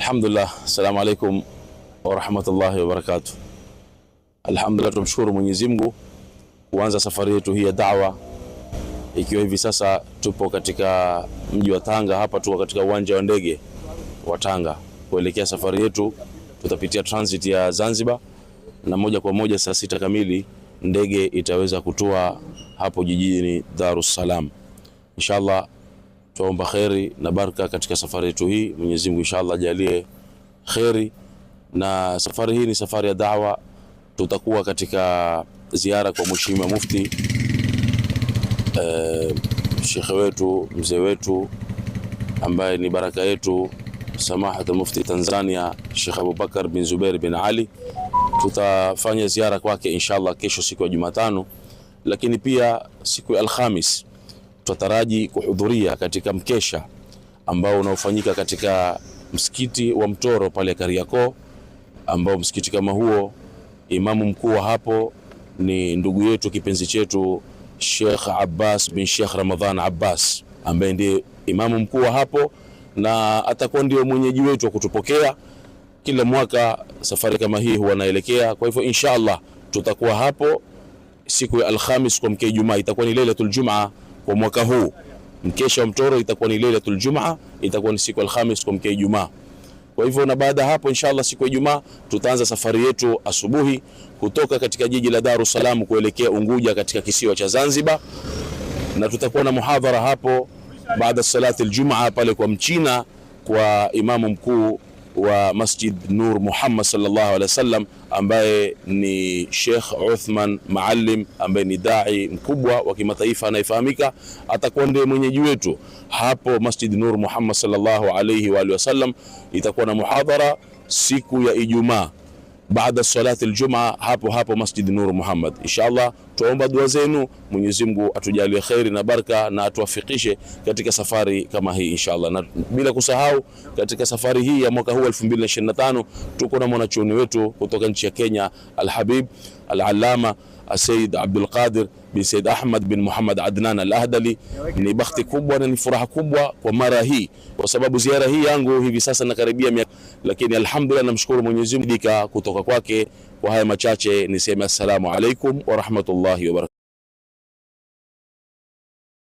Alhamdulillah, assalamu alaikum warahmatullahi wabarakatuh. Alhamdulillah, tumshukuru Mwenyezi Mungu kuanza safari yetu hii ya dawa, ikiwa hivi sasa tupo katika mji wa Tanga. Hapa tuko katika uwanja wa ndege wa Tanga kuelekea safari yetu, tutapitia transit ya Zanzibar na moja kwa moja saa sita kamili ndege itaweza kutua hapo jijini Dar es Salaam inshallah. Twaomba kheri na baraka katika safari yetu hii. Mwenyezi Mungu inshallah ajalie kheri, na safari hii ni safari ya dawa. Tutakuwa katika ziara kwa Mheshimiwa Mufti e, shekhe wetu mzee wetu ambaye ni baraka yetu Samahat Mufti Tanzania Sheikh Abubakar bin Zubair bin Ali. Tutafanya ziara kwake inshallah kesho siku ya Jumatano, lakini pia siku ya Alhamis Tutataraji kuhudhuria katika mkesha ambao unaofanyika katika msikiti wa Mtoro pale Kariakoo, ambao msikiti kama huo imamu mkuu wa hapo ni ndugu yetu kipenzi chetu Sheikh Abbas bin Sheikh Ramadhan Abbas ambaye ndiye imamu mkuu wa hapo na atakuwa ndio mwenyeji wetu wa kutupokea. Kila mwaka safari kama hii huwa naelekea. Kwa hivyo inshallah tutakuwa hapo siku ya Alhamis kwa mke Ijumaa, itakuwa ni Lailatul Jumaa kwa mwaka huu. Mkesha wa mtoro itakuwa ni Lailatul Jumaa, itakuwa ni siku Alhamis kwa mkea Ijumaa. Kwa hivyo na baada hapo inshallah siku ya Ijumaa tutaanza safari yetu asubuhi kutoka katika jiji la Dar es Salaam kuelekea Unguja katika kisiwa cha Zanzibar, na tutakuwa na muhadhara hapo baada salati aljumaa pale kwa mchina kwa imamu mkuu wa Masjid Nur Muhammad sallallahu alaihi wasallam, ambaye ni Sheikh Uthman Maalim, ambaye ni dai mkubwa wa kimataifa anayefahamika, atakuwa ndiye mwenyeji wetu hapo Masjid Nur Muhammad sallallahu alaihi wa alihi wasallam. Itakuwa na muhadhara siku ya Ijumaa baada salati aljumaa hapo hapo Masjid Nur Muhammad. Inshallah tuomba dua zenu, Mwenyezi Mungu atujalie khairi na baraka na atuafikishe katika safari kama hii inshallah. Na bila kusahau katika safari hii ya mwaka huu 2025 tuko na mwanachuoni wetu kutoka nchi ya Kenya, Alhabib Alalama Sayyid Abdul Qadir bin Said Ahmad bin Muhammad Adnan Al-Ahdali. Ni bahati kubwa na ni furaha kubwa kwa mara hii, kwa sababu ziara hii yangu hivi sasa nakaribia miaka, lakini alhamdulillah, namshukuru Mwenyezi Mungu kutoka kwake. Kwa haya machache niseme assalamu alaikum wa rahmatullahi wa barakatuh.